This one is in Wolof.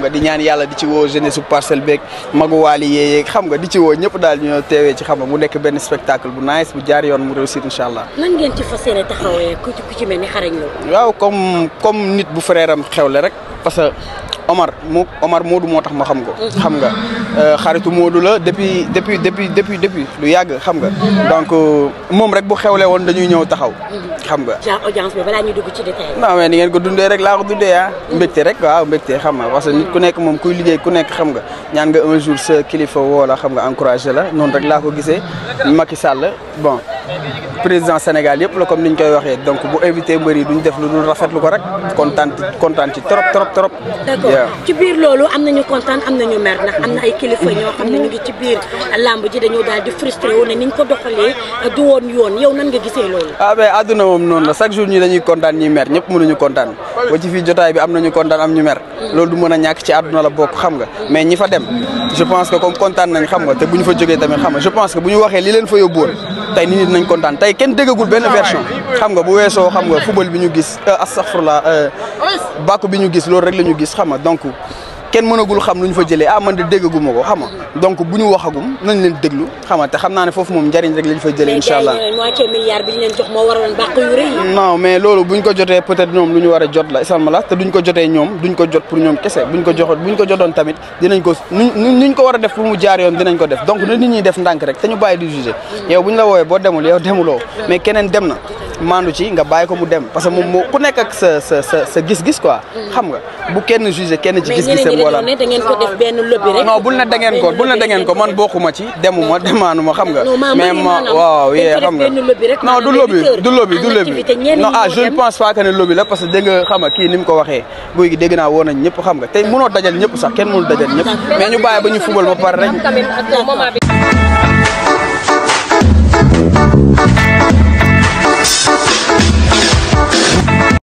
xam nga di ñaan yàlla di ci woo jeunesse su parcelle beeg maguwaali yeeg xam nga di ci woo ñëpp daal ñu teewee ci xam mu nekk benn spectacle bu nice bu jaar yoon mu réussir incha allah. nan ngeen ci fas yéene taxawee ku ci ku xarañ la. waaw comme nit bu frère am xewle rek parce que Omar mu Omar Moodu moo tax ma xam ko. xam nga euh, xaritu Moodu la depuis depuis depuis depuis depuis lu yàgg xam nga. donc euh, moom rek bu xewle woon dañuy ñëw taxaw. xam nga genre audience bi ci détail. ngeen ko dundee rek laa ko dundee ah. mbégte rek waaw mbégte xam nga parce que nit ku nekk moom kuy liggéey ku nekk xam nga ñaan nga un jour sa kilifa woo la xam nga encouragé la noonu rek laa ko gisee maki Sall bon. président Sénégal yëpp la comme ni ñu koy waxee donc bu invité mbër du ñu def lu dul rafetlu ko rek kontaan kontaan ci trop trop trop. d'accord ci biir loolu am nañu kontaan am nañu mer ndax am na ay kilifa ñoo xam ñu ngi ci biir euh, woon yoon yow nan nga gisee loolu. ah mais la chaque jour ñi kontaan ñi mer ñëpp kontaan ba ci fii jotaay bi am nañu kontaan am ñu mer. Mm. loolu du mën a ñàkk ci àdduna la bokk xam nga mais ñi fa dem je pense que comme kontaan nañ xam nga te bu ñu fa jógee tamit xam nga je pense que bu ñu waxee li leen fa yóbbuwoon tey nit ñi dinañ kontaan tey kenn déggagul benn ah, version xam nga bu weesoo xam nga football bi ñu gis euh, astaghfirullah euh, bàkku bi ñu gis loolu rek la ñu gis xam nga donc kenn mënagul xam lu ñu fa jële ah man de déggaguma ko xam nga donc bu ñu waxagum nañ leen déglu xam nga te xam naa ne foofu moom njariñ rek lañ fa jëlee incha allah moitié milliard bi ñu leen ko jotee peut-être ñoom lu ñu war jot la te duñ ko jote ñoom duñ ko jot pour ñoom kese buñ ko joxoon buñ ko jotoon tamit dinañ ko nuñ ko war a def pour mu jaar yoon dinañ ko def donc na nit ñi def ndànk rek te ñu bàyyi di juger mm. yow buñ la wooyee boo demul yow demuloo mais keneen dem na maandu ci nga bàyyi ko mu dem parce que moom ku nekk ak sa sa gis-gis quoi. Mm. xam nga bu kenn jugé kenn ci gis-gisam. wala mais ñeneen ñi da bul na da ngeen ko bul na da ngeen ko man bokkuma ci demuma demaanuma xam nga. non ma waaw yee xam nga non du lobby du lobby du lobby non ah je ne pense pas que ne la parce que dégg nga xam nga kii ni mu ko waxee guy gi dégg naa woo nañ ñëpp xam nga tey mënoo dajal ñëpp sax kenn mënul dajal ñëpp mais ñu bàyyi ba ñu fubal ba pare rek.